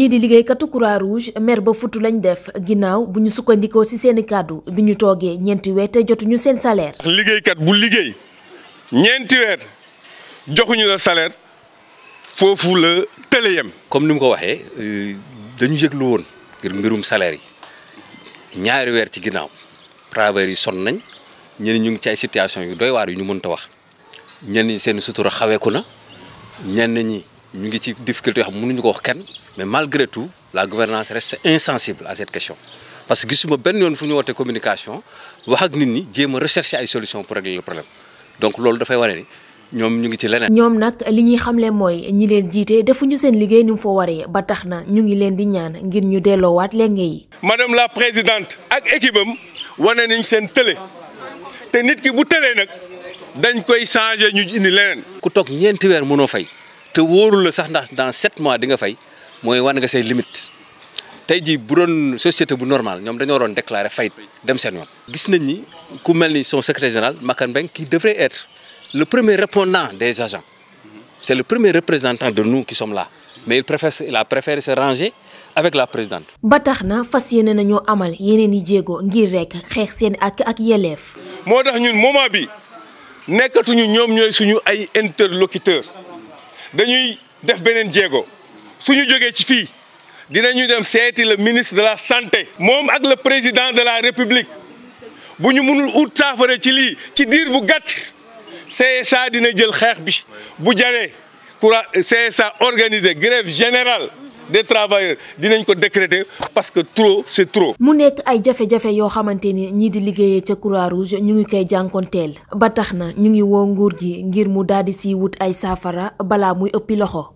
ñii di liggéeykatu croix rouge mer ba futu lañ def ginnaaw bu ñu sukkandikoo ci seeni kàddu bi ñu toogee ñeenti weer te ñu seen salaire. liggéeykat bu liggéey ñeenti weer joxuñu la salaire foofu la tële yem. comme ni mu ko waxee euh, dañu yëglu woon ngir mbirum salaire yi ñaari weer ci ginnaaw travailleurs yi son nañ ñenn ñu ngi ci ay situation yu doy waar yu ñu mënta wax ñenn ñi seen sutura xaweeku na ñenn ñi. ñu ngi ci difficulté yoo xam ñu ko wax kenn mais malgré tout la gouvernance reste insensible à cette question parce que gisuma benn yoon fu ñu wootee communication wax ak nit ñi jéema a ay solution pour régler le problème donc loolu dafay wane ni ñoom ñu ngi ci leneen. ñoom nag li ñuy xamle mooy ñi leen jiite defuñu seen liggéey ni mu foo waree ba tax na ñu ngi leen di ñaan ngir ñu delloowaat lenge yi. madame la présidente ak équipe am wane nañ seen tële te nit ki bu tëlee nag dañ koy changer ñu indi leneen. ku toog ñeenti weer mënoo fay. te wóorul la sax ndax dans sept mois di nga mooy wan nga say limite tey jii bu doon société bu normale ñoom dañoo waroon déclarer fayit dem seen yoon. gis nañ ni ku mel ni son secrétaire général Makan Mbeng qui devrait être le premier répondant des agents c'est le premier représentant de nous qui sommes là mais il préfère il a préféré se ranger avec la présidente. ba tax na fas yéene nañoo amal yeneen i jéego ngir rek xeex seen ak ak yelleef. moo tax ñun moment bi nekkatuñu dañuy def beneen jéego suñu jógee ci fi dinañuy dem seeti le ministre de la santé moom ak le président de la république bu ñu mënul ut saafara ci lii ci diir bu gàtt CSA dina jël xeex bi bu jaree coura CSA organiser grève générale des travailleurs dinañ ko décréter parce que trop c'est trop. mu nekk ay jafe-jafe yoo xamante ni ñii di liggéeyee ca croix rouge ñu ngi koy jànkonteel ba tax na ñu ngi woo nguur gi ngir mu daal di siy wut ay saafara balaa muy ëppi loxo.